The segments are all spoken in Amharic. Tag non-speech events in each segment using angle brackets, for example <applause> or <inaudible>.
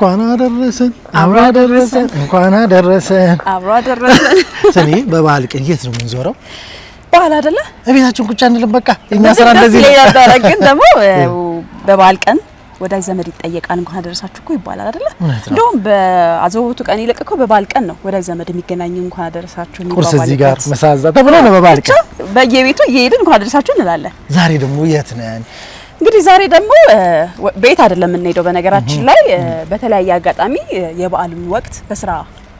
እንኳን አደረሰን አብሮ አደረሰን እንኳን አደረሰን አብሮ አደረሰን። <laughs> ሰኔ በበዓል ቀን የት ነው የምንዞረው? በዓል አይደለ? እቤታችን ቁጭ አንልም። በቃ እኛ ስራ እንደዚህ ነው ግን ደግሞ <laughs> በበዓል ቀን ወዳጅ ዘመድ ይጠየቃል። እንኳን አደረሳችሁ እኮ ይባላል አይደለ? እንደውም በአዘቦቱ ቀን ይልቅ እኮ በበዓል ቀን ነው ወዳጅ ዘመድ የሚገናኝ። እንኳን አደረሳችሁ ቁርስ እዚህ ጋር መሳዛ ተብሎ ነው በበዓል ቀን በየቤቱ እየሄድን እንኳን አደረሳችሁ እንላለን። ዛሬ ደግሞ የት ነን? እንግዲህ ዛሬ ደግሞ ቤት አይደለም የምንሄደው። በነገራችን ላይ በተለያየ አጋጣሚ የበዓሉን ወቅት በስራ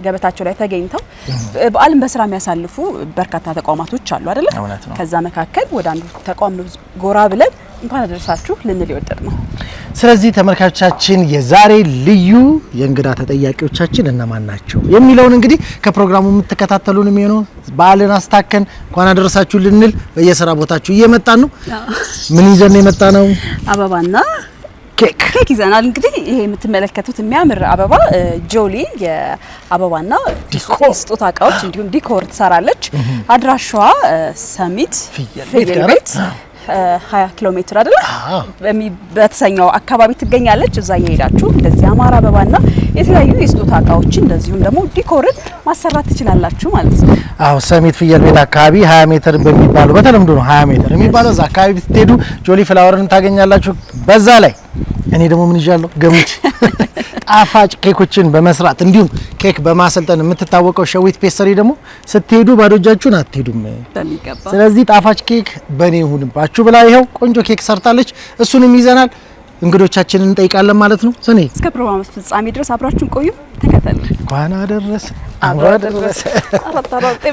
ገበታቸው ላይ ተገኝተው በዓልን በስራ የሚያሳልፉ በርካታ ተቋማቶች አሉ አይደለ? ከዛ መካከል ወደ አንዱ ተቋም ጎራ ብለን እንኳን አደረሳችሁ ልንል ይወደድ ነው። ስለዚህ ተመልካቾቻችን የዛሬ ልዩ የእንግዳ ተጠያቂዎቻችን እነማን ናቸው የሚለውን እንግዲህ ከፕሮግራሙ የምትከታተሉን የሚሆነው በዓልን አስታከን እንኳን አደረሳችሁ ልንል በየስራ ቦታችሁ እየመጣን ነው። ምን ይዘን ነው የመጣ ነው? አበባና ኬክ ኬክ ይዘናል። እንግዲህ ይሄ የምትመለከቱት የሚያምር አበባ ጆሊ የአበባና ስጦታ እቃዎች እንዲሁም ዲኮር ትሰራለች። አድራሿ ሰሚት ፍየል ቤት ሀያ ኪሎ ሜትር አይደለ በተሰኘው አካባቢ ትገኛለች። እዛ እየሄዳችሁ እንደዚህ አማራ አበባና የተለያዩ የስጦታ እቃዎችን እንደዚሁም ደግሞ ዲኮርን ማሰራት ትችላላችሁ ማለት ነው። አዎ ሰሚት ፍየል ቤት አካባቢ ሀያ ሜትር በሚባለው በተለምዶ ነው ሀያ ሜትር የሚባለው እዛ አካባቢ ብትሄዱ ጆሊ ፍላወርን ታገኛላችሁ በዛ ላይ እኔ ደግሞ ምን ይዣለሁ ገሙች ጣፋጭ ኬኮችን በመስራት እንዲሁም ኬክ በማሰልጠን የምትታወቀው ሸዊት ፔሰሪ ደግሞ ስትሄዱ ባዶ እጃችሁን አትሄዱም። ስለዚህ ጣፋጭ ኬክ በእኔ ይሁንባችሁ ብላ ይኸው ቆንጆ ኬክ ሰርታለች። እሱንም ይዘናል እንግዶቻችንን እንጠይቃለን ማለት ነው። ስኔ እስከ ፕሮግራም ፍጻሜ ድረስ አብራችሁን ቆዩ፣ ተከተል። እንኳን አደረሰ አብሮ አደረሰ። አራት አራት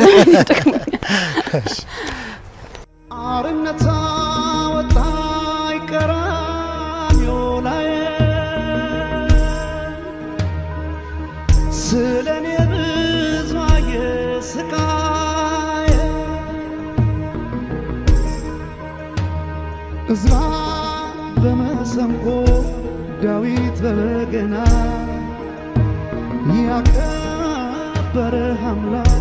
እዝራ በመሰንቆ ዳዊት በበገና ያከበረህ አምላክ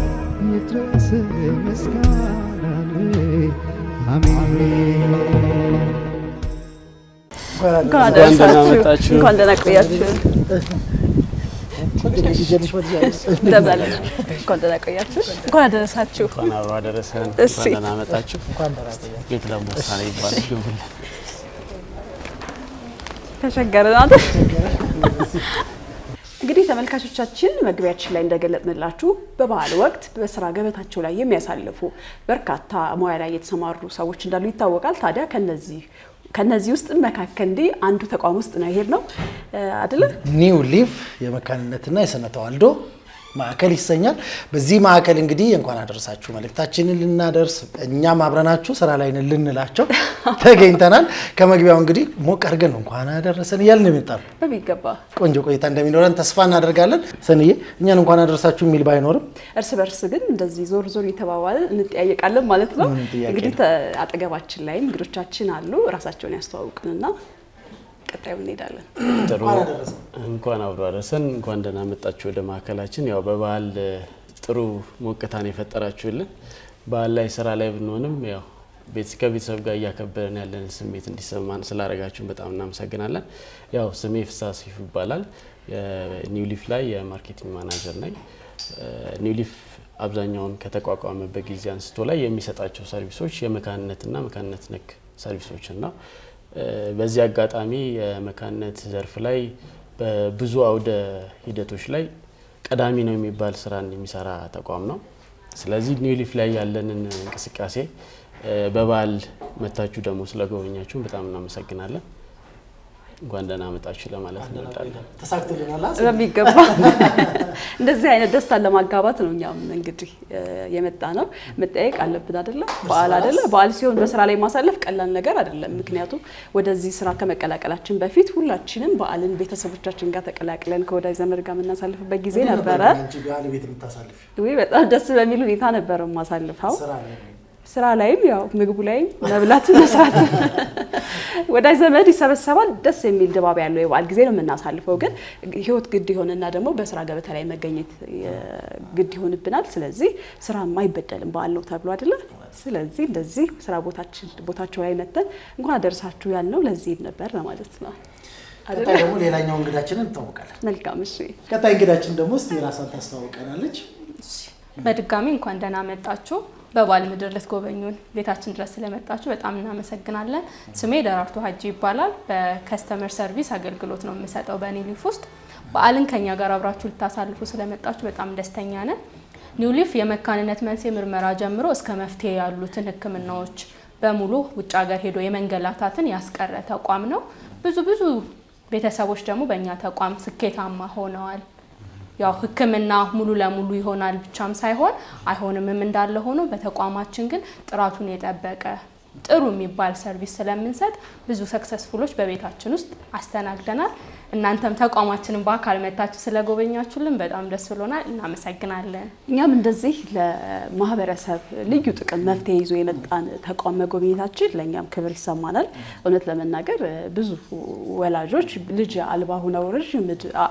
ይድረስ ምስጋናህ። አሜን። እንኳን ደህና ቆያችሁ። እንኳን ደህና ቆያችሁ፣ እንኳን አደረሳችሁ። ደህና መጣችሁ። ቤት ለምቦሳ ነው ይባላል። ተቸገረ እንግዲህ ተመልካቾቻችን መግቢያችን ላይ እንደገለጥንላችሁ በበዓል ወቅት በስራ ገበታቸው ላይ የሚያሳልፉ በርካታ ሙያ ላይ የተሰማሩ ሰዎች እንዳሉ ይታወቃል። ታዲያ ከነዚህ ከነዚህ ውስጥ መካከል እንዲህ አንዱ ተቋም ውስጥ ነው የሄድነው አይደለ ኒው ሊቭ የመካንነትና የስነ ተዋልዶ ማዕከል ይሰኛል። በዚህ ማዕከል እንግዲህ እንኳን አደረሳችሁ መልእክታችንን ልናደርስ እኛም አብረናችሁ ስራ ላይ ልንላቸው <laughs> ተገኝተናል። ከመግቢያው እንግዲህ ሞቅ አድርገን እንኳን አደረሰን እያልን የሚጠሩ በሚገባ ቆንጆ ቆይታ እንደሚኖረን ተስፋ እናደርጋለን። ሰንዬ እኛን እንኳን አደረሳችሁ የሚል ባይኖርም እርስ በርስ ግን እንደዚህ ዞር ዞር እየተባባልን እንጠያየቃለን ማለት ነው። እንግዲህ አጠገባችን ላይም እንግዶቻችን አሉ። ራሳቸውን ያስተዋውቅንና ቀጣዩ እንሄዳለን። ጥሩ እንኳን አብሮ አደረሰን። እንኳን ደህና መጣችሁ ወደ ማዕከላችን። ያው በበዓል ጥሩ ሞቅታን የፈጠራችሁልን በዓል ላይ ስራ ላይ ብንሆንም ያው ከቤተሰብ ጋር እያከበረን ያለን ስሜት እንዲሰማን ስላደረጋችሁን በጣም እናመሰግናለን። ያው ስሜ ፍሳ ሲፍ ይባላል። ኒውሊፍ ላይ የማርኬቲንግ ማናጀር ነኝ። ኒውሊፍ አብዛኛውን ከተቋቋመበት ጊዜ አንስቶ ላይ የሚሰጣቸው ሰርቪሶች የመካንነትና መካንነት ነክ ሰርቪሶችን ነው። በዚህ አጋጣሚ የመካንነት ዘርፍ ላይ በብዙ አውደ ሂደቶች ላይ ቀዳሚ ነው የሚባል ስራን የሚሰራ ተቋም ነው። ስለዚህ ኒውሊፍ ላይ ያለንን እንቅስቃሴ በበዓል መታችሁ ደግሞ ስለጎበኛችሁን በጣም እናመሰግናለን። እንኳን ደህና መጣችሁ ለማለት እንወዳለን። ተሳክቶልናል በሚገባ <laughs> እንደዚህ አይነት ደስታን ለማጋባት ነው። እኛም እንግዲህ የመጣ ነው መጠየቅ አለብን አደለ? በዓል አደለ? በዓል ሲሆን በስራ ላይ ማሳለፍ ቀላል ነገር አይደለም። ምክንያቱም ወደዚህ ስራ ከመቀላቀላችን በፊት ሁላችንም በዓልን ቤተሰቦቻችን ጋር ተቀላቅለን ከወዳጅ ዘመድ ጋር የምናሳልፍበት ጊዜ ነበረ። በጣም ደስ በሚል ሁኔታ ነበረ ማሳልፈው ስራ ላይም ያው ምግቡ ላይም መብላት መስራት ወዳጅ ዘመድ ይሰበሰባል። ደስ የሚል ድባብ ያለው የበዓል ጊዜ ነው የምናሳልፈው። ግን ህይወት ግድ ይሆንና ደግሞ በስራ ገበታ ላይ መገኘት ግድ ይሆንብናል። ስለዚህ ስራ አይበደልም በዓል ነው ተብሎ አይደለ? ስለዚህ እንደዚህ ስራ ቦታቸው ላይ መተን እንኳን አደርሳችሁ ያልነው ለዚህ ነበር ለማለት ነው። ቀጣይ ደግሞ ሌላኛው እንግዳችንን እንታወቃለን። መልካም እሺ። ቀጣይ እንግዳችን ደግሞ እስቲ ራሷን ታስተዋውቀናለች። በድጋሚ እንኳን ደህና መጣችሁ። በባል ምድር ልትጎበኙን ቤታችን ድረስ ስለመጣችሁ በጣም እናመሰግናለን። ስሜ ደራርቱ ሀጂ ይባላል። በከስተመር ሰርቪስ አገልግሎት ነው የምሰጠው በኒውሊፍ ውስጥ። በዓልን ከኛ ጋር አብራችሁ ልታሳልፉ ስለመጣችሁ በጣም ደስተኛ ነን። ኒውሊፍ የመካንነት መንስኤ ምርመራ ጀምሮ እስከ መፍትሄ ያሉትን ሕክምናዎች በሙሉ ውጭ ሀገር ሄዶ የመንገላታትን ያስቀረ ተቋም ነው። ብዙ ብዙ ቤተሰቦች ደግሞ በእኛ ተቋም ስኬታማ ሆነዋል። ያው ህክምና ሙሉ ለሙሉ ይሆናል ብቻም ሳይሆን አይሆንምም እንዳለ ሆኖ በተቋማችን ግን ጥራቱን የጠበቀ ጥሩ የሚባል ሰርቪስ ስለምንሰጥ ብዙ ሰክሰስፉሎች በቤታችን ውስጥ አስተናግደናል። እናንተም ተቋማችንን በአካል መታችሁ ስለጎበኛችሁልን በጣም ደስ ብሎናል። እናመሰግናለን። እኛም እንደዚህ ለማህበረሰብ ልዩ ጥቅም መፍትሄ ይዞ የመጣን ተቋም መጎብኘታችን ለእኛም ክብር ይሰማናል። እውነት ለመናገር ብዙ ወላጆች ልጅ አልባ ሁነው ረዥም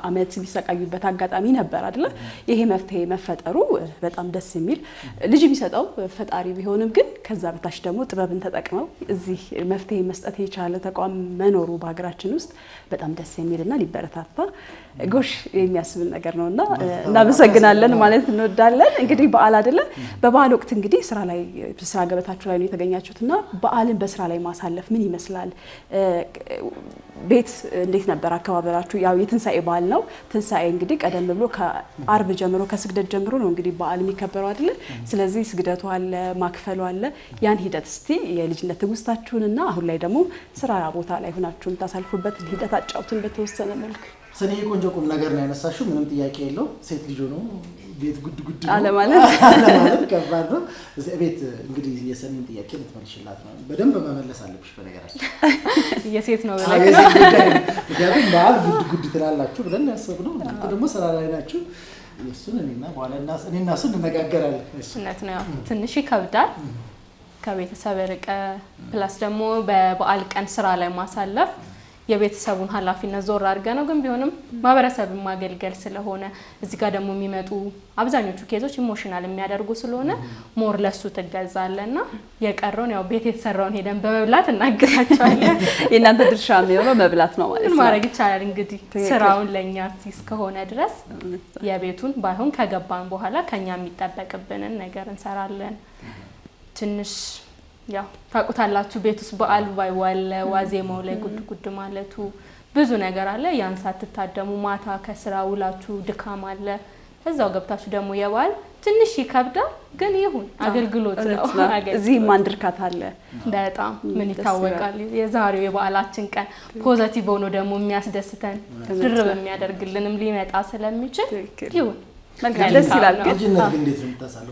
አመት የሚሰቃዩበት አጋጣሚ ነበር አይደለ? ይሄ መፍትሄ መፈጠሩ በጣም ደስ የሚል ልጅ የሚሰጠው ፈጣሪ ቢሆንም ግን ከዛ በታች ደግሞ ጥበብን ተጠቅመው እዚህ መፍትሄ መስጠት የቻለ ተቋም መኖሩ በሀገራችን ውስጥ በጣም ደስ የሚልና ሊበረታታ ጎሽ የሚያስብል ነገር ነው እና እናመሰግናለን ማለት እንወዳለን። እንግዲህ በዓል አይደለም። በበዓል ወቅት እንግዲህ ስራ ላይ ስራ ገበታችሁ ላይ ነው የተገኛችሁት እና በዓልን በስራ ላይ ማሳለፍ ምን ይመስላል? ቤት እንዴት ነበር አከባበራችሁ? ያው የትንሳኤ በዓል ነው። ትንሳኤ እንግዲህ ቀደም ብሎ ከአርብ ጀምሮ ከስግደት ጀምሮ ነው እንግዲህ በዓል የሚከበረው አይደለም። ስለዚህ ስግደቱ አለ፣ ማክፈሉ አለ። ያን ሂደት እስቲ የልጅነት ትውስታችሁን እና አሁን ላይ ደግሞ ስራ ቦታ ላይ ሆናችሁ የምታሳልፉበትን ሂደት አጫውቱን በተወሰነ መልክ ስኔ የቆንጆ ቁም ነገር ነው ያነሳሽው። ምንም ጥያቄ የለው። ሴት ልጅ ነው ቤት ጉድ ጉድ <laughs> አለማለት ከባድ ነው። ቤት እንግዲህ የሰኔን ጥያቄ ልትመልሽላት ነው። በደንብ መመለስ አለብሽ። በነገራችን <laughs> የሴት ነው ምክንያቱም በዓል ጉድ ጉድ ትላላችሁ ብለን ያሰብነው ደግሞ ስራ ላይ ናችሁ። እሱን እኔና በኋላ እኔና እሱ እንነጋገራለን። እውነት ነው ትንሽ ይከብዳል ከቤተሰብ ርቀ ፕላስ ደግሞ በበዓል ቀን ስራ ላይ ማሳለፍ የቤተሰቡን ኃላፊነት ዞር አድርገ ነው። ግን ቢሆንም ማህበረሰብን ማገልገል ስለሆነ እዚህ ጋር ደግሞ የሚመጡ አብዛኞቹ ኬዞች ኢሞሽናል የሚያደርጉ ስለሆነ ሞር ለሱ ትገዛለ ና የቀረውን ያው ቤት የተሰራውን ሄደን በመብላት እናግዛቸዋለን። <laughs> የእናንተ ድርሻ የሚሆነው መብላት ነው ማለት ነው። ማድረግ ይቻላል እንግዲህ ስራውን ለእኛ እስከሆነ ድረስ የቤቱን ባይሆን ከገባን በኋላ ከኛ የሚጠበቅብንን ነገር እንሰራለን ትንሽ ያው ታውቁታላችሁ ቤት ውስጥ በዓል ባይዋለ ዋዜማው ላይ ጉድ ጉድ ማለቱ ብዙ ነገር አለ። ያን ሳትታደሙ ማታ ከስራ ውላችሁ ድካም አለ። እዛው ገብታችሁ ደግሞ የበዓል ትንሽ ይከብዳል፣ ግን ይሁን አገልግሎት ነው። <laughs> እዚህም አለ። በጣም ምን ይታወቃል። የዛሬው የበዓላችን ቀን ፖዘቲቭ ሆኖ ደግሞ የሚያስደስተን ድርብ የሚያደርግልንም ሊመጣ ስለሚችል ይሁን ደስ ይላል። ግን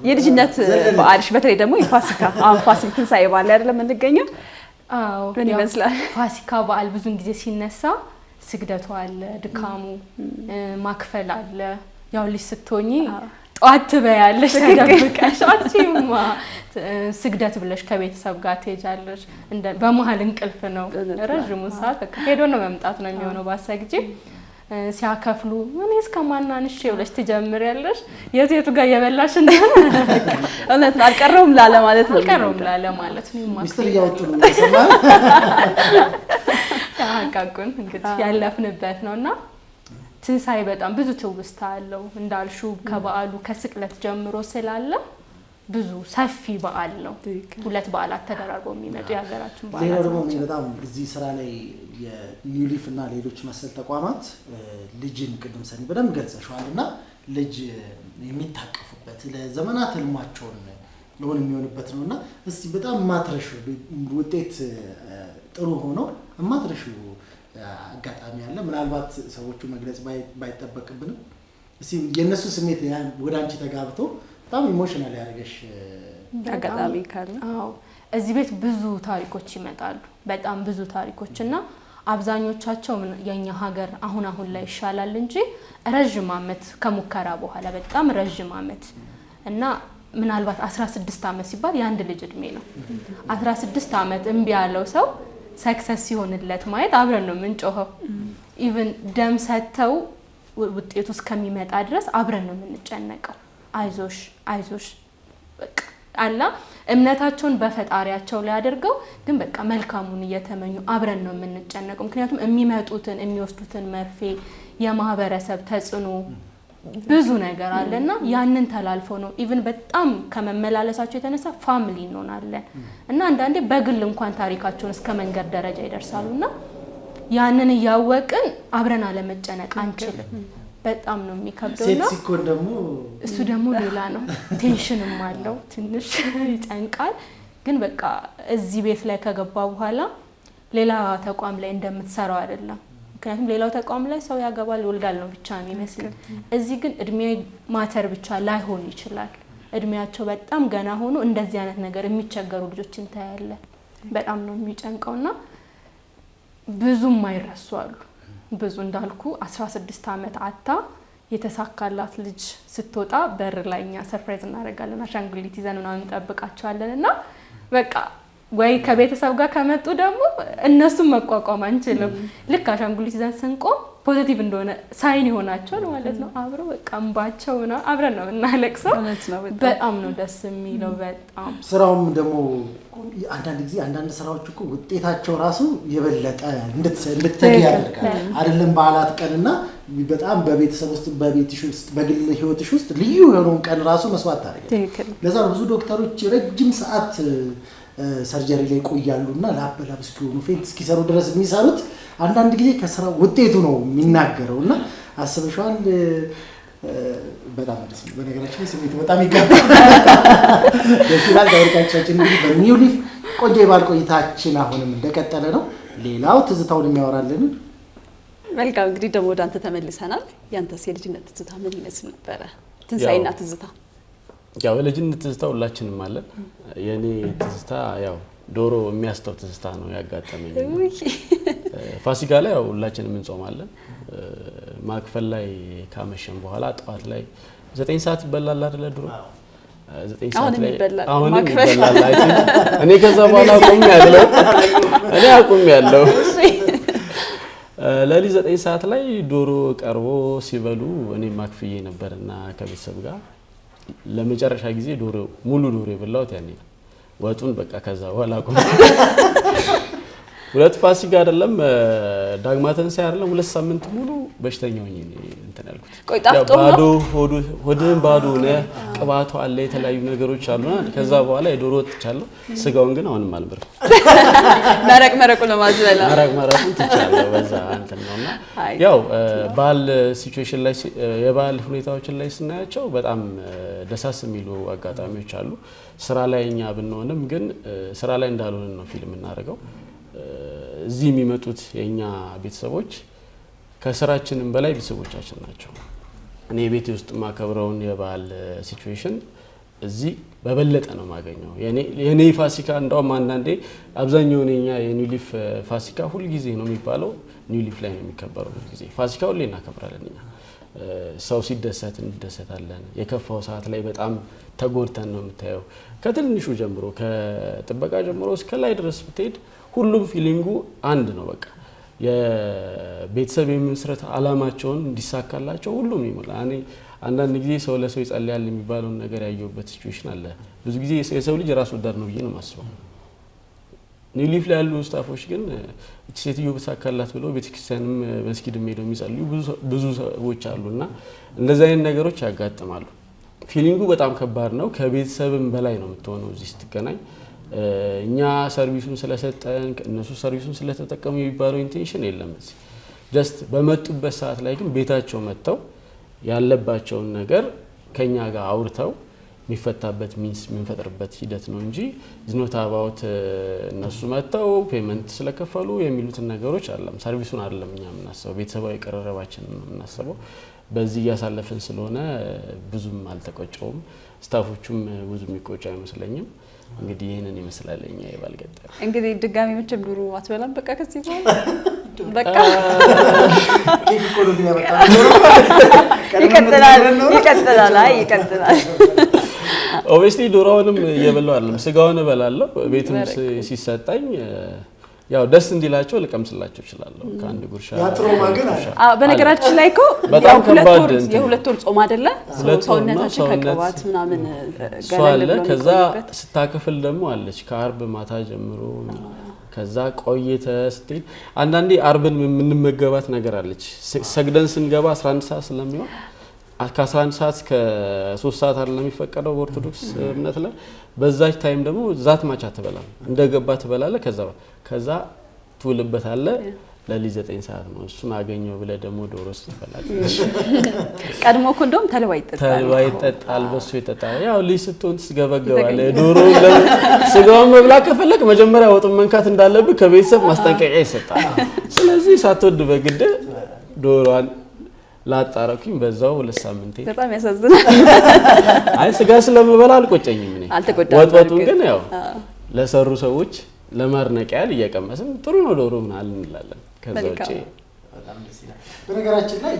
የልጅነት በዓልሽ በተለይ ደግሞ የፋሲካ አሁን ፋሲካ ትንሳኤ በዓል ላይ አይደለም የምንገኘው። ምን ይመስላል ፋሲካ በዓል? ብዙን ጊዜ ሲነሳ ስግደቱ አለ፣ ድካሙ ማክፈል አለ። ያው ልጅ ስትሆኚ ጠዋት ትበያለሽ ተደብቀሽ አትይማ ስግደት ብለሽ ከቤተሰብ ጋር ትሄጃለሽ። በመሀል እንቅልፍ ነው ረዥሙ ሰዓት ሄዶ ነው መምጣት ነው የሚሆነው ባሰ ጊዜ ሲያከፍሉ እኔ እስከ ማናንሽ ብለሽ ትጀምሪያለሽ። የቱ የቱ ጋር እየበላሽ እንደሆነ እውነት ነው። አልቀረውም ላለ ማለት ነው። አልቀረውም ላለ ማለት ነው። ማክስ እያወጡ ነው ያቃቁን እንግዲህ ያለፍንበት ነው እና ትንሳኤ በጣም ብዙ ትውስታ አለው እንዳልሹ ከበዓሉ ከስቅለት ጀምሮ ስላለ ብዙ ሰፊ በዓል ነው። ሁለት በዓላት ተደራርበው የሚመጡ የሀገራችን በዓላት። ሌላው ደግሞ በጣም እዚህ ስራ ላይ የኒውሊፍ እና ሌሎች መሰል ተቋማት ልጅን ቅድም ሰኒ በደንብ ገልጸሸዋል እና ልጅ የሚታቀፉበት ለዘመናት ህልማቸውን ለሆን የሚሆንበት ነው እና እስቲ በጣም ማትረሹ ውጤት ጥሩ ሆኖ ማትረሹ አጋጣሚ አለ ምናልባት ሰዎቹ መግለጽ ባይጠበቅብንም የእነሱ ስሜት ወደ አንቺ ተጋብቶ በጣም ኢሞሽናል ያደርገሽ አጋጣሚ ካለ? እዚህ ቤት ብዙ ታሪኮች ይመጣሉ። በጣም ብዙ ታሪኮች እና አብዛኞቻቸው የኛ ሀገር አሁን አሁን ላይ ይሻላል እንጂ ረዥም ዓመት ከሙከራ በኋላ በጣም ረዥም አመት እና ምናልባት 16 ዓመት ሲባል የአንድ ልጅ እድሜ ነው። 16 አመት እምቢ ያለው ሰው ሰክሰስ ሲሆንለት ማየት አብረን ነው የምንጮኸው። ኢቭን ደም ሰጥተው ውጤቱ እስከሚመጣ ድረስ አብረን ነው የምንጨነቀው። አይዞሽ አይዞሽ አላ እምነታቸውን በፈጣሪያቸው ላይ አድርገው ግን በቃ መልካሙን እየተመኙ አብረን ነው የምንጨነቀው። ምክንያቱም የሚመጡትን የሚወስዱትን መርፌ፣ የማህበረሰብ ተጽዕኖ ብዙ ነገር አለና ያንን ተላልፎ ነው ኢቭን በጣም ከመመላለሳቸው የተነሳ ፋሚሊ እንሆናለን እና አንዳንዴ በግል እንኳን ታሪካቸውን እስከ መንገድ ደረጃ ይደርሳሉ እና ያንን እያወቅን አብረን አለመጨነቅ አንችልም። በጣም ነው የሚከብደው። ነው ሲኮን ደግሞ እሱ ደግሞ ሌላ ነው። ቴንሽንም አለው ትንሽ <laughs> ይጨንቃል። ግን በቃ እዚህ ቤት ላይ ከገባ በኋላ ሌላ ተቋም ላይ እንደምትሰራው አይደለም። ምክንያቱም ሌላው ተቋም ላይ ሰው ያገባል ይወልዳል ነው ብቻ ይመስል። እዚህ ግን እድሜ ማተር ብቻ ላይሆን ይችላል። እድሜያቸው በጣም ገና ሆኖ እንደዚህ አይነት ነገር የሚቸገሩ ልጆች እንታያለን። በጣም ነው የሚጨንቀውና ብዙም አይረሱ አሉ። ብዙ እንዳልኩ 16 ዓመት አታ የተሳካላት ልጅ ስትወጣ በር ላይ እኛ ሰርፕራይዝ እናደርጋለን። አሻንጉሊት ይዘን ምናምን እንጠብቃቸዋለን እና በቃ ወይ ከቤተሰብ ጋር ከመጡ ደግሞ እነሱን መቋቋም አንችልም። ልክ አሻንጉሊት ይዘን ስንቆም ፖዘቲቭ እንደሆነ ሳይን ይሆናቸዋል ማለት ነው። አብረው በቃ ነው አብረን ነው የምናለቅሰው። በጣም ነው ደስ የሚለው። በጣም ስራውም ደግሞ አንዳንድ ጊዜ አንዳንድ ስራዎች እኮ ውጤታቸው ራሱ የበለጠ እንድትተጊ ያደርጋል። አይደለም በዓላት ቀንና በጣም በቤተሰብ ውስጥ በቤትሽ ውስጥ በግል ህይወትሽ ውስጥ ልዩ የሆነውን ቀን ራሱ መስዋዕት ታደርጊያለሽ። ለዛ ብዙ ዶክተሮች ረጅም ሰዓት ሰርጀሪ ላይ ቆያሉ እና ላብ ላብ እስኪሆኑ ፌንት እስኪሰሩ ድረስ የሚሰሩት አንዳንድ ጊዜ ከስራ ውጤቱ ነው የሚናገረው እና አስበሽዋል። በጣም ደስ ነው። በነገራችን ስሜቱ በጣም ይገባል። ደስ ይላል። ተመልካቾቻችን እንግዲህ በኒው ሊፍ ቆንጆ የባል ቆይታችን አሁንም እንደቀጠለ ነው። ሌላው ትዝታውን የሚያወራልን መልካም እንግዲህ ደግሞ ወደ አንተ ተመልሰናል። ያንተስ የልጅነት ትዝታ ምን ይመስል ነበረ? ትንሳኤና ትዝታ ያው የልጅነት ትዝታ ሁላችንም አለን። የእኔ ትዝታ ያው ዶሮ የሚያስተው ትዝታ ነው ያጋጠመኝ። ፋሲካ ላይ ያው ሁላችንም እንጾማለን። ማክፈል ላይ ካመሸን በኋላ ጠዋት ላይ ዘጠኝ ሰዓት ይበላል አይደለ? ድሮ አሁንም ይበላል። <laughs> እኔ ከዛ በኋላ አቁም ያለው እኔ አቁም ያለው ለሊት ዘጠኝ ሰዓት ላይ ዶሮ ቀርቦ ሲበሉ እኔ ማክፍዬ ነበርና ከቤተሰብ ጋር ለመጨረሻ ጊዜ ዶሮ ሙሉ ዶሮ የበላሁት ያኔ ነው። ወጡን በቃ ከዛ በኋላ ሁለት ፋሲካ አይደለም ዳግማ ትንሣኤ አይደለም፣ ሁለት ሳምንት ሙሉ በሽተኛ ሆኜ እንትን ያልኩት። ቆይ ጣፍጦ ባዶ ሆድህን ባዶ ነህ። ቅባቱ አለ፣ የተለያዩ ነገሮች አሉና ከዛ በኋላ የዶሮ ወጥ ትቻለሁ። ስጋውን ግን አሁንም አልበላም። <laughs> መረቅ መረቁ ለማዝበላ መረቅ መረቁ ትቻለሁ። በዛ እንትን ነውና ያው በዓል ሲቹዌሽን ላይ የበዓል ሁኔታዎችን ላይ ስናያቸው በጣም ደሳስ የሚሉ አጋጣሚዎች አሉ። ስራ ላይ እኛ ብንሆንም ግን ስራ ላይ እንዳልሆንን ነው ፊልም እናደርገው እዚህ የሚመጡት የእኛ ቤተሰቦች ከስራችንም በላይ ቤተሰቦቻችን ናቸው። እኔ የቤቴ ውስጥ የማከብረውን የበዓል ሲቹዌሽን እዚህ በበለጠ ነው የማገኘው። የኔ ፋሲካ እንደውም አንዳንዴ አብዛኛውን የኛ የኒውሊፍ ፋሲካ ሁልጊዜ ነው የሚባለው፣ ኒውሊፍ ላይ ነው የሚከበረው። ሁልጊዜ ፋሲካ ሁሌ እናከብራለን እኛ ሰው ሲደሰት እንደሰታለን። የከፋው ሰዓት ላይ በጣም ተጎድተን ነው የምታየው። ከትንሹ ጀምሮ ከጥበቃ ጀምሮ እስከ ላይ ድረስ ብትሄድ ሁሉም ፊሊንጉ አንድ ነው። በቃ የቤተሰብ የምስረት አላማቸውን እንዲሳካላቸው ሁሉም ይሞላል። አንዳንድ ጊዜ ሰው ለሰው ይጸልያል የሚባለውን ነገር ያየሁበት ሲቹዌሽን አለ። ብዙ ጊዜ የሰው ልጅ ራስ ወዳድ ነው ብዬ ነው የማስበው። ኒውሊፍ ላይ ያሉ ስታፎች ግን እቺ ሴትዮ ብሳካላት ብለው ቤተክርስቲያንም መስጊድም ሄደው የሚጸልዩ ብዙ ሰዎች አሉ እና እንደዚህ አይነት ነገሮች ያጋጥማሉ። ፊሊንጉ በጣም ከባድ ነው። ከቤተሰብም በላይ ነው የምትሆነው እዚህ ስትገናኝ እኛ ሰርቪሱን ስለሰጠን እነሱ ሰርቪሱን ስለተጠቀሙ የሚባለው ኢንቴንሽን የለም። እዚህ ጀስት በመጡበት ሰዓት ላይ ግን ቤታቸው መጥተው ያለባቸውን ነገር ከኛ ጋር አውርተው የሚፈታበት ሚንስ የምንፈጥርበት ሂደት ነው እንጂ ዝኖት አባውት እነሱ መጥተው ፔመንት ስለከፈሉ የሚሉትን ነገሮች አለም። ሰርቪሱን አለም እኛ የምናስበው፣ ቤተሰባዊ ቅርረባችንን ነው የምናስበው። በዚህ እያሳለፍን ስለሆነ ብዙም አልተቆጨውም። ስታፎቹም ብዙ የሚቆጭ አይመስለኝም። እንግዲህ ይህንን ይመስላል የኛ የበዓል ገጠመኝ። እንግዲህ ድጋሚ መቼም ዶሮ አትበላም። በቃ ከዚህ በኋላ በቃ ይቀጥላል፣ ይቀጥላል፣ አይ ይቀጥላል። ኦብቪየስሊ ዶሮውንም እየበላሁ አይደለም፣ ስጋውን እበላለሁ። ቤትም ሲሰጠኝ ያው ደስ እንዲላቸው ልቀምስላቸው እችላለሁ። ከአንድ ጉርሻ ያጥሮማ ግን በነገራችን ላይ እኮ በጣም ከባድ የሁለት ወር ጾም አይደለ? ሰውነታችን ከቅባት ምናምን ጋር ከዛ ስታከፍል ደግሞ አለች ከአርብ ማታ ጀምሮ ከዛ ቆይተ ስትል አንዳንዴ አርብን የምንመገባት ነገር አለች። ሰግደን ስንገባ 11 ሰዓት ስለሚሆን ከ11 ሰዓት እስከ 3 ሰዓት አለ የሚፈቀደው በኦርቶዶክስ እምነት ላይ በዛች ታይም ደግሞ ዛት ማቻ ትበላል እንደገባ ትበላለ። ከዛ ከዛ ትውልበት አለ ለሊት ዘጠኝ ሰዓት ነው። እሱን አገኘው ብለ ደግሞ ዶሮ ስትበላል <laughs> ቀድሞ እኮ እንደውም ተልባ ይጠጣል፣ ተልባ ይጠጣል፣ በሱ ይጠጣል። ያው ልጅ ስትሆን ትስገበገባለ። ዶሮ ስጋውን መብላ ከፈለግ መጀመሪያ ወጡን መንካት እንዳለብህ ከቤተሰብ ማስጠንቀቂያ ይሰጣል። ስለዚህ ሳትወድ በግድ ዶሮዋን ላጣረኩኝ በዛው ሁለት ሳምንቴ በጣም ያሳዝናል። <laughs> አይ ስጋ ስለምበላ አልቆጨኝም እኔ ወጥወጡን ግን ያው ለሰሩ ሰዎች ለማድነቅ ያህል እየቀመስን ጥሩ ነው ዶሮ ምናምን እንላለን። ከዛ ውጭ በጣም ደስ ይላል። በነገራችን ላይ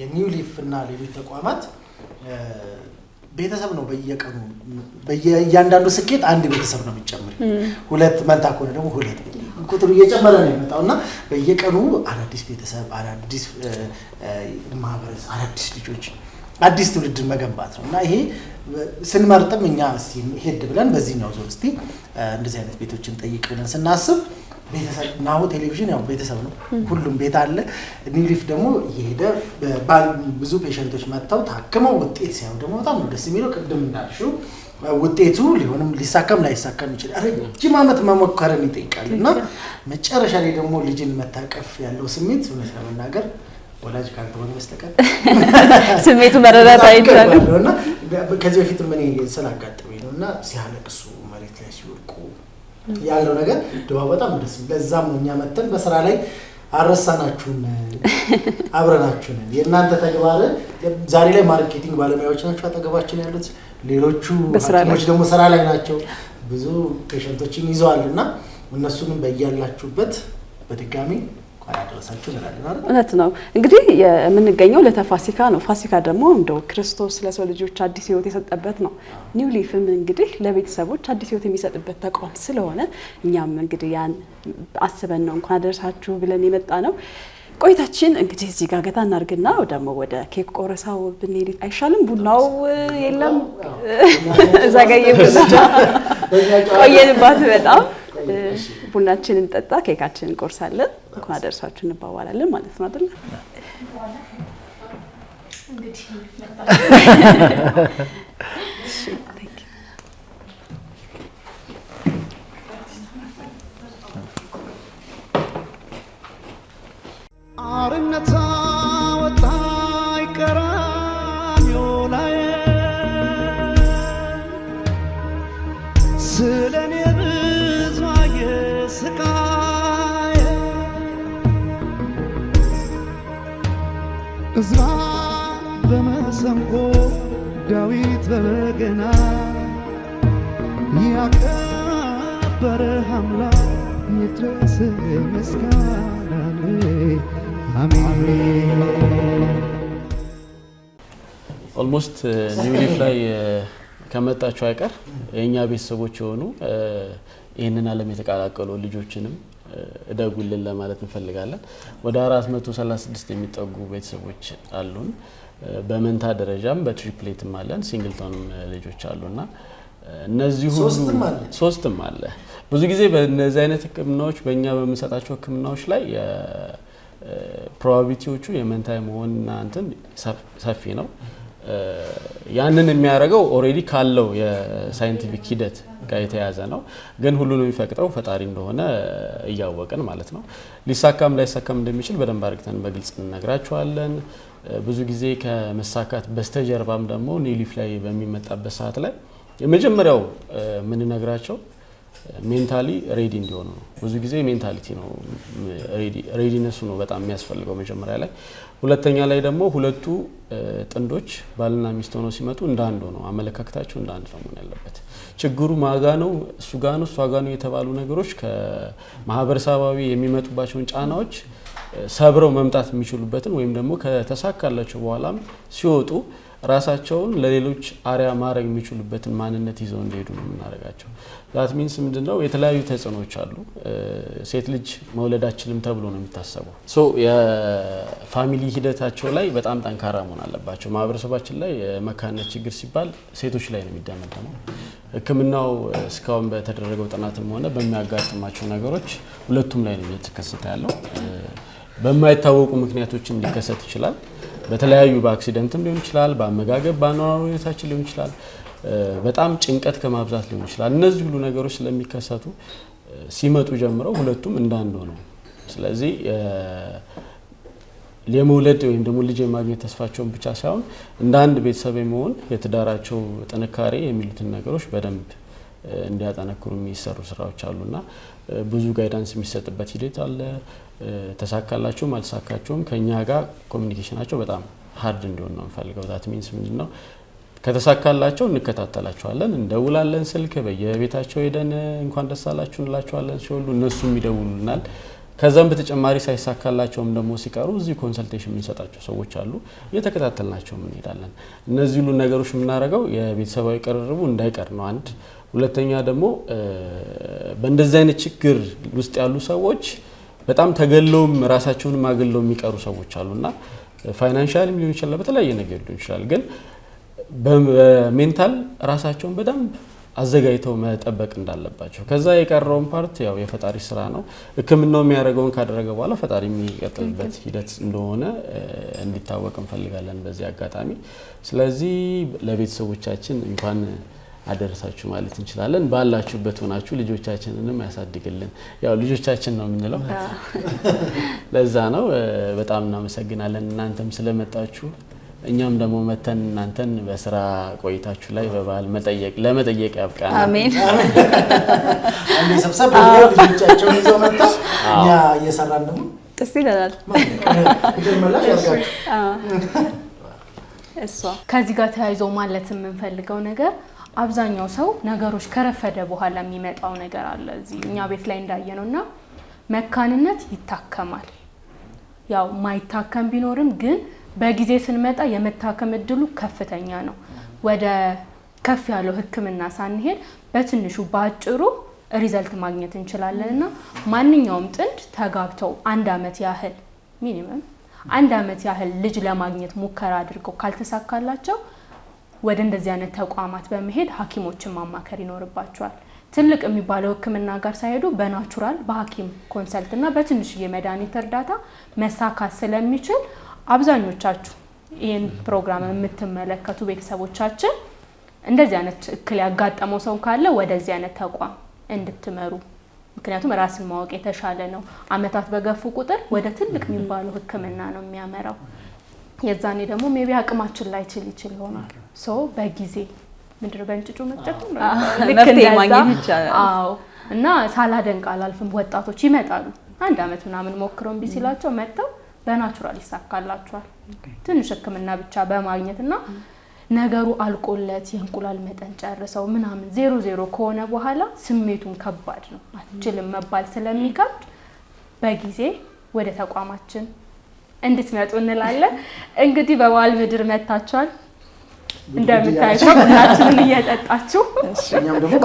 የኒው ሊፍ እና ሌሎች ተቋማት ቤተሰብ ነው። በየቀኑ በእያንዳንዱ ስኬት አንድ ቤተሰብ ነው የሚጨምር። ሁለት መንታ ከሆነ ደግሞ ሁለት ቁጥሩ እየጨመረ ነው የመጣው እና በየቀኑ አዳዲስ ቤተሰብ፣ አዳዲስ ማህበረሰብ፣ አዳዲስ ልጆች፣ አዲስ ትውልድን መገንባት ነው እና ይሄ ስንመርጥም እኛ ሄድ ብለን በዚህኛው ዞን እስቲ እንደዚህ አይነት ቤቶችን ጠይቅ ብለን ስናስብ ቤተሰብ ናሁ ቴሌቪዥን ያው ቤተሰብ ነው። ሁሉም ቤት አለ። ኒሪፍ ደግሞ እየሄደ ብዙ ፔሸንቶች መጥተው ታክመው ውጤት ሲያዩ ደግሞ በጣም ነው ደስ የሚለው። ቅድም እንዳልሽው ውጤቱ ሊሆንም ሊሳካም ላይሳካም ይችላል። ረጅም ዓመት መሞከርን ይጠይቃል እና መጨረሻ ላይ ደግሞ ልጅን መታቀፍ ያለው ስሜት እውነት ለመናገር ወላጅ ካልተሆነ በስተቀር <laughs> ስሜቱ መረዳት አይቻልም ከዚህ በፊት ምን ስላጋጠመኝ ነው እና ሲያለቅሱ መሬት ላይ ሲወድቁ ያለው ነገር ድባቡ በጣም ደስ ለዛም ነው እኛ መተን በስራ ላይ አረሳናችሁን አብረናችሁን የእናንተ ተግባር ዛሬ ላይ ማርኬቲንግ ባለሙያዎች ናቸው አጠገባችን ያሉት ሌሎቹ ሐኪሞች ደግሞ ስራ ላይ ናቸው፣ ብዙ ፔሸንቶችን ይዘዋል እና እነሱንም በያላችሁበት በድጋሚ እውነት ነው እንግዲህ የምንገኘው ለተፋሲካ ነው። ፋሲካ ደግሞ እንደው ክርስቶስ ለሰው ልጆች አዲስ ሕይወት የሰጠበት ነው። ኒው ሊፍም እንግዲህ ለቤተሰቦች አዲስ ሕይወት የሚሰጥበት ተቋም ስለሆነ እኛም እንግዲህ ያን አስበን ነው እንኳን አደረሳችሁ ብለን የመጣ ነው። ቆይታችን እንግዲህ እዚህ ጋር ገታ እናድርግና ደግሞ ወደ ኬክ ቆረሳው ብንሄድ አይሻልም? ቡናው የለም እዛ ጋ የቡና ቆየንባት በጣም ቡናችን እንጠጣ፣ ኬካችን እንቆርሳለን፣ እንኳን አደረሳችሁ እንባባላለን ማለት ነው አይደለ? እንግዲህ <laughs> ማርነት ወጣ ቀራንዮ ላይ ስለኔ ብዙ ስቃዬ እዝራ በመሰንቆ ዳዊት በበገና ያከበረ አምላክ ይድረስ ምስጋናዬ ኦልሞስት ኒው ሊፍ ላይ ከመጣችሁ አይቀር የእኛ ቤተሰቦች የሆኑ ይህንን አለም የተቀላቀሉ ልጆችንም እደጉልን ለማለት እንፈልጋለን። ወደ 436 የሚጠጉ ቤተሰቦች አሉን። በመንታ ደረጃም በትሪፕሌትም አለን፣ ሲንግልቶንም ልጆች አሉና እነዚህ ሁሉ ሶስትም አለ። ብዙ ጊዜ በእነዚህ አይነት ህክምናዎች በእኛ በምንሰጣቸው ህክምናዎች ላይ ፕሮባቢሊቲዎቹ የመንታ መሆንና እንትን ሰፊ ነው። ያንን የሚያደርገው ኦልሬዲ ካለው የሳይንቲፊክ ሂደት ጋር የተያዘ ነው። ግን ሁሉን የሚፈቅደው ፈጣሪ እንደሆነ እያወቅን ማለት ነው። ሊሳካም ላይሳካም እንደሚችል በደንብ አርግተን በግልጽ እንነግራቸዋለን። ብዙ ጊዜ ከመሳካት በስተጀርባም ደግሞ ኒሊፍ ላይ በሚመጣበት ሰዓት ላይ የመጀመሪያው የምንነግራቸው ሜንታሊ ሬዲ እንዲሆኑ ነው። ብዙ ጊዜ ሜንታሊቲ ነው ሬዲነሱ ነው በጣም የሚያስፈልገው መጀመሪያ ላይ። ሁለተኛ ላይ ደግሞ ሁለቱ ጥንዶች ባልና ሚስት ሆነው ሲመጡ አንዱ ነው አመለካከታቸው አንድ ነው መሆን ያለበት። ችግሩ ማጋ ነው እሱ ጋ ነው እሷ ጋ ነው የተባሉ ነገሮች ከማህበረሰባዊ የሚመጡባቸውን ጫናዎች ሰብረው መምጣት የሚችሉበትን ወይም ደግሞ ከተሳካላቸው በኋላም ሲወጡ ራሳቸውን ለሌሎች አሪያ ማድረግ የሚችሉበትን ማንነት ይዘው እንዲሄዱ ነው የምናደርጋቸው። ዛት ሚንስ ምንድን ነው የተለያዩ ተጽዕኖች አሉ። ሴት ልጅ መውለዳችንም ተብሎ ነው የሚታሰበው። ሶ የፋሚሊ ሂደታቸው ላይ በጣም ጠንካራ መሆን አለባቸው። ማህበረሰባችን ላይ መካነት ችግር ሲባል ሴቶች ላይ ነው የሚደመደመው። ሕክምናው እስካሁን በተደረገው ጥናትም ሆነ በሚያጋጥማቸው ነገሮች ሁለቱም ላይ ነው እየተከሰተ ያለው። በማይታወቁ ምክንያቶችም ሊከሰት ይችላል። በተለያዩ በአክሲደንትም ሊሆን ይችላል፣ በአመጋገብ በአኗኗር ሁኔታችን ሊሆን ይችላል፣ በጣም ጭንቀት ከማብዛት ሊሆን ይችላል። እነዚህ ሁሉ ነገሮች ስለሚከሰቱ ሲመጡ ጀምረው ሁለቱም እንዳንድ ነው። ስለዚህ የመውለድ ወይም ደግሞ ልጅ የማግኘት ተስፋቸውን ብቻ ሳይሆን እንደ አንድ ቤተሰብ የመሆን የትዳራቸው ጥንካሬ የሚሉትን ነገሮች በደንብ እንዲያጠነክሩ የሚሰሩ ስራዎች አሉና ብዙ ጋይዳንስ የሚሰጥበት ሂደት አለ። ተሳካላቸውም አልተሳካቸውም ከእኛ ጋር ኮሚኒኬሽናቸው በጣም ሀርድ እንዲሆን ነው እንፈልገው። ዛት ሚንስ ምንድን ነው? ከተሳካላቸው እንከታተላቸዋለን፣ እንደውላለን። ስልክ በየቤታቸው ሄደን እንኳን ደስ አላችሁ እንላቸዋለን። ሲወሉ እነሱም ይደውሉናል። ከዛም በተጨማሪ ሳይሳካላቸውም ደግሞ ሲቀሩ እዚህ ኮንሰልቴሽን የምንሰጣቸው ሰዎች አሉ። እየተከታተልናቸውም እንሄዳለን። እነዚህ ሁሉ ነገሮች የምናደርገው የቤተሰባዊ ቅርርቡ እንዳይቀር ነው አንድ ሁለተኛ ደግሞ በእንደዚህ አይነት ችግር ውስጥ ያሉ ሰዎች በጣም ተገለውም ራሳቸውንም አገለው የሚቀሩ ሰዎች አሉና ፋይናንሻልም ሊሆን ይችላል፣ በተለያየ ነገር ሊሆን ይችላል። ግን በሜንታል ራሳቸውን በደንብ አዘጋጅተው መጠበቅ እንዳለባቸው። ከዛ የቀረውን ፓርት ያው የፈጣሪ ስራ ነው። ሕክምናው የሚያደርገውን ካደረገ በኋላ ፈጣሪ የሚቀጥልበት ሂደት እንደሆነ እንዲታወቅ እንፈልጋለን በዚህ አጋጣሚ። ስለዚህ ለቤተሰቦቻችን እንኳን አደረሳችሁ ማለት እንችላለን። ባላችሁበት ሆናችሁ ልጆቻችንንም ያሳድግልን። ያው ልጆቻችን ነው የምንለው፣ <laughs> ለዛ ነው። በጣም እናመሰግናለን እናንተም ስለመጣችሁ። እኛም ደግሞ መተን እናንተን በስራ ቆይታችሁ ላይ በባህል መጠየቅ ለመጠየቅ ያብቃ። አሜን። ደስ ይለናል። እሷ ከዚህ ጋር ተያይዞ ማለት የምንፈልገው ነገር አብዛኛው ሰው ነገሮች ከረፈደ በኋላ የሚመጣው ነገር አለ። እዚህ እኛ ቤት ላይ እንዳየነው እና መካንነት ይታከማል። ያው ማይታከም ቢኖርም ግን በጊዜ ስንመጣ የመታከም እድሉ ከፍተኛ ነው። ወደ ከፍ ያለው ሕክምና ሳንሄድ በትንሹ በአጭሩ ሪዘልት ማግኘት እንችላለን እና ማንኛውም ጥንድ ተጋብተው አንድ አመት ያህል ሚኒመም አንድ አመት ያህል ልጅ ለማግኘት ሙከራ አድርገው ካልተሳካላቸው ወደ እንደዚህ አይነት ተቋማት በመሄድ ሐኪሞችን ማማከር ይኖርባቸዋል። ትልቅ የሚባለው ሕክምና ጋር ሳይሄዱ በናቹራል በሐኪም ኮንሰልት እና በትንሽ የመድኃኒት እርዳታ መሳካት ስለሚችል አብዛኞቻችሁ ይህን ፕሮግራም የምትመለከቱ ቤተሰቦቻችን እንደዚህ አይነት እክል ያጋጠመው ሰው ካለ ወደዚህ አይነት ተቋም እንድትመሩ ምክንያቱም ራስን ማወቅ የተሻለ ነው። አመታት በገፉ ቁጥር ወደ ትልቅ የሚባለው ሕክምና ነው የሚያመራው። የዛኔ ደግሞ ሜቢ አቅማችን ላይችል ይችል ይሆናል። ሶ በጊዜ ምንድነው በእንጭጩ መጨከም ማግኘት ይቻላል። አዎ እና ሳላደንቅ አላልፍም። ወጣቶች ይመጣሉ አንድ አመት ምናምን ሞክረው እምቢ ሲላቸው መጥተው በናቹራል ይሳካላቸዋል። ትንሽ ህክምና ብቻ በማግኘት እና ነገሩ አልቆለት የእንቁላል መጠን ጨርሰው ምናምን ዜሮ ዜሮ ከሆነ በኋላ ስሜቱን ከባድ ነው አትችልም መባል ስለሚከብድ በጊዜ ወደ ተቋማችን እንድትመጡ እንላለን። እንግዲህ በበዓል ምድር መጥታችኋል። እንደምታዩት ቡናችንን እየጠጣችሁ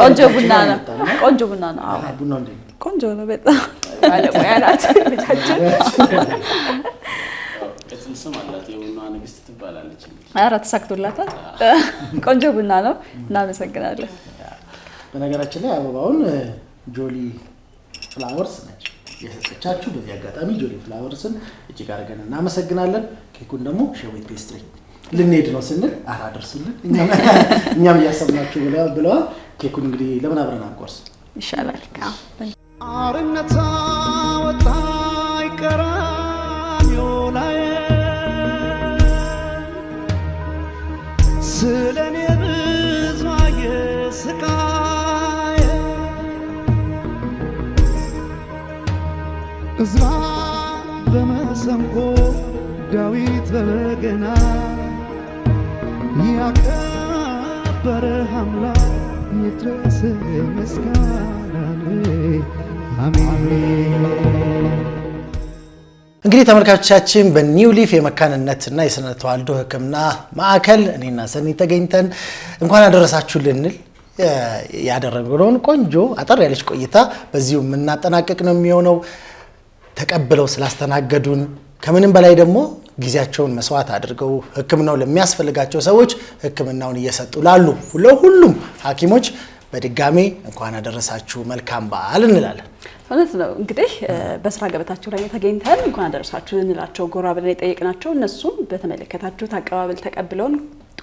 ቆንጆ ቡና ነው። ቆንጆ ቡና ነው። ቆንጆ ነው። በጣም ባለሙያ ናት ልጃችን። ኧረ ተሳክቶላታል። ቆንጆ ቡና ነው። እናመሰግናለን። በነገራችን ላይ አበባውን ጆሊ ፍላወርስ ነች የሰጠቻችሁ። በዚህ አጋጣሚ ጆሊ ፍላወርስን እጅግ አድርገን እናመሰግናለን። ኬኩን ደግሞ ሸዊት ፔስትሪ ልንሄድ ነው ስንል ኧረ <laughs> እኛም እያሰብናቸው ብለዋል። ኬኩን እንግዲህ ለምን አብረን አንቆርስ ይሻላል። አርነት ወጣ ቀራንዮ ላይ ስለኔ ብዙ በመሰንቆ ዳዊት በበገና ያከበረህ አምላክ ይድረስ እንግዲህ ተመልካቾቻችን በኒው ሊፍ የመካንነትና የስነ ተዋልዶ ሕክምና ማዕከል እኔና ሰኒ ተገኝተን እንኳን አደረሳችሁ ልንል ያደረግነውን ቆንጆ አጠር ያለች ቆይታ በዚሁ የምናጠናቀቅ ነው የሚሆነው። ተቀብለው ስላስተናገዱን ከምንም በላይ ደግሞ ጊዜያቸውን መስዋዕት አድርገው ሕክምናው ለሚያስፈልጋቸው ሰዎች ሕክምናውን እየሰጡ ላሉ ለሁሉም ሐኪሞች በድጋሜ እንኳን አደረሳችሁ መልካም በዓል እንላለን። እውነት ነው እንግዲህ በስራ ገበታቸው ላይ ተገኝተን እንኳን አደረሳችሁ እንላቸው ጎራ ብለን የጠየቅናቸው እነሱም በተመለከታችሁት አቀባበል ተቀብለውን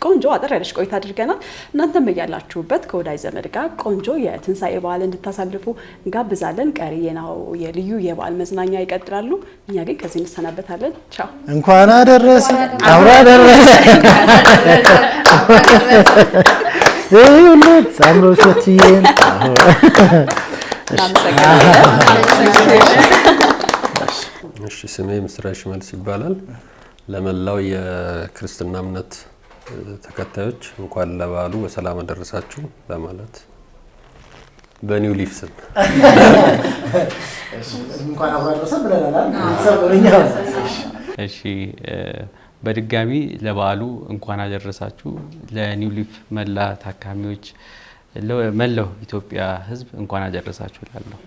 ቆንጆ አጠር ያለች ቆይታ አድርገናል። እናንተም እያላችሁበት ከወዳጅ ዘመድ ጋር ቆንጆ የትንሳኤ በዓል እንድታሳልፉ እንጋብዛለን። ቀሪ የናሁ የልዩ የበዓል መዝናኛ ይቀጥላሉ። እኛ ግን ከዚህ እንሰናበታለን። ቻው። እንኳን አደረሰ አብሮ አደረሰ ይሁለት አምሮሶትዬን እሺ፣ ስሜ ምስራች መልስ ይባላል። ለመላው የክርስትና እምነት ተከታዮች እንኳን ለበዓሉ በሰላም አደረሳችሁ ለማለት በኒው ሊፍ ስም እሺ፣ በድጋሚ ለበዓሉ እንኳን አደረሳችሁ። ለኒው ሊፍ መላ ታካሚዎች፣ መላው ኢትዮጵያ ሕዝብ እንኳን አደረሳችሁ ላለሁ